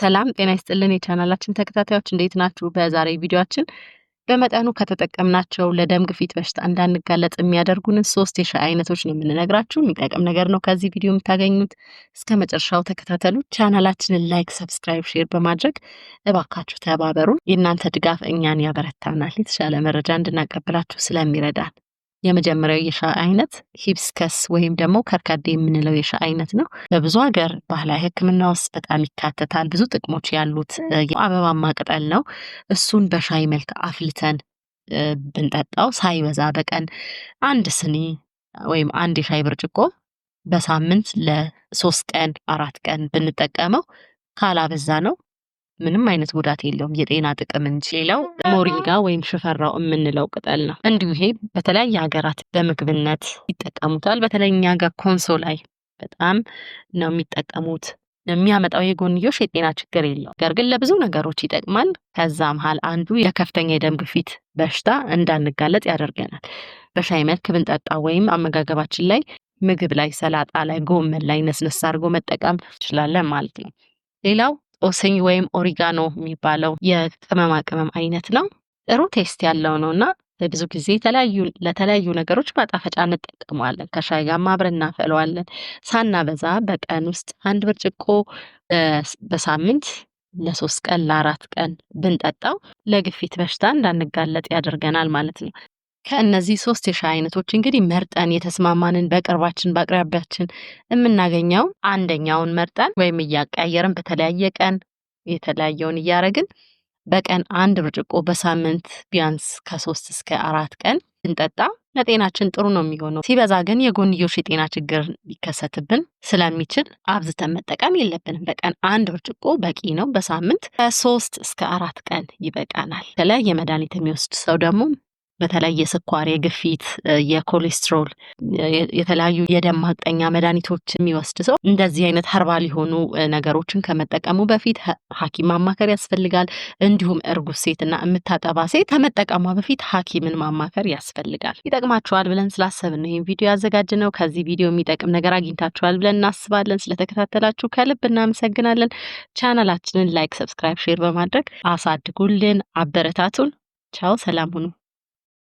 ሰላም ጤና ይስጥልን የቻናላችን ተከታታዮች እንዴት ናችሁ? በዛሬ ቪዲዮችን በመጠኑ ከተጠቀምናቸው ለደም ግፊት በሽታ እንዳንጋለጥ የሚያደርጉንን ሶስት የሻይ አይነቶች ነው የምንነግራችሁ። የሚጠቅም ነገር ነው ከዚህ ቪዲዮ የምታገኙት። እስከ መጨረሻው ተከታተሉ። ቻናላችንን ላይክ፣ ሰብስክራይብ፣ ሼር በማድረግ እባካችሁ ተባበሩን። የእናንተ ድጋፍ እኛን ያበረታናል የተሻለ መረጃ እንድናቀብላችሁ ስለሚረዳን የመጀመሪያው የሻይ አይነት ሂብስከስ ወይም ደግሞ ከርካዴ የምንለው የሻይ አይነት ነው። በብዙ ሀገር ባህላዊ ሕክምና ውስጥ በጣም ይካተታል። ብዙ ጥቅሞች ያሉት አበባማ ቅጠል ነው። እሱን በሻይ መልክ አፍልተን ብንጠጣው ሳይበዛ በቀን አንድ ስኒ ወይም አንድ የሻይ ብርጭቆ በሳምንት ለሶስት ቀን አራት ቀን ብንጠቀመው ካላበዛ ነው ምንም አይነት ጉዳት የለውም፣ የጤና ጥቅም እንጂ። ሌላው ሞሪንጋ ወይም ሽፈራው የምንለው ቅጠል ነው። እንዲሁ ይሄ በተለያየ ሀገራት በምግብነት ይጠቀሙታል። በተለይ እኛ ጋር ኮንሶ ላይ በጣም ነው የሚጠቀሙት። የሚያመጣው የጎንዮሽ የጤና ችግር የለውም፣ ነገር ግን ለብዙ ነገሮች ይጠቅማል። ከዛ መሀል አንዱ የከፍተኛ የደም ግፊት በሽታ እንዳንጋለጥ ያደርገናል። በሻይ መልክ ብንጠጣ ወይም አመጋገባችን ላይ ምግብ ላይ፣ ሰላጣ ላይ፣ ጎመን ላይ ነስነሳ አድርጎ መጠቀም እንችላለን ማለት ነው። ሌላው ኦስኝ ወይም ኦሪጋኖ የሚባለው የቅመማ ቅመም አይነት ነው። ጥሩ ቴስት ያለው ነው እና ብዙ ጊዜ የተለያዩ ለተለያዩ ነገሮች ማጣፈጫ እንጠቀመዋለን። ከሻይ ጋር አብረን እናፈለዋለን። ሳናበዛ በቀን ውስጥ አንድ ብርጭቆ በሳምንት ለሶስት ቀን ለአራት ቀን ብንጠጣው ለግፊት በሽታ እንዳንጋለጥ ያደርገናል ማለት ነው። ከእነዚህ ሶስት የሻይ አይነቶች እንግዲህ መርጠን የተስማማንን በቅርባችን በአቅራቢያችን የምናገኘው አንደኛውን መርጠን ወይም እያቀያየርን በተለያየ ቀን የተለያየውን እያረግን በቀን አንድ ብርጭቆ በሳምንት ቢያንስ ከሶስት እስከ አራት ቀን ስንጠጣ ለጤናችን ጥሩ ነው የሚሆነው። ሲበዛ ግን የጎንዮሽ የጤና ችግር ሊከሰትብን ስለሚችል አብዝተን መጠቀም የለብንም። በቀን አንድ ብርጭቆ በቂ ነው። በሳምንት ከሶስት እስከ አራት ቀን ይበቃናል። በተለይ መድኃኒት የሚወስድ ሰው ደግሞ በተለይ የስኳር፣ የግፊት፣ የኮሌስትሮል፣ የተለያዩ የደም ማቅጠኛ መድኃኒቶች የሚወስድ ሰው እንደዚህ አይነት ሀርባል የሆኑ ነገሮችን ከመጠቀሙ በፊት ሐኪም ማማከር ያስፈልጋል። እንዲሁም እርጉዝ ሴትና የምታጠባ ሴት ከመጠቀሟ በፊት ሐኪምን ማማከር ያስፈልጋል። ይጠቅማችኋል ብለን ስላሰብን ነው ይህን ቪዲዮ ነው። ከዚህ ቪዲዮ የሚጠቅም ነገር አግኝታችኋል ብለን እናስባለን። ስለተከታተላችሁ ከልብ እናመሰግናለን። ቻናላችንን ላይክ፣ ሰብስክራይብ፣ ሼር በማድረግ አሳድጉልን፣ አበረታቱን። ቻው፣ ሰላም ሁኑ።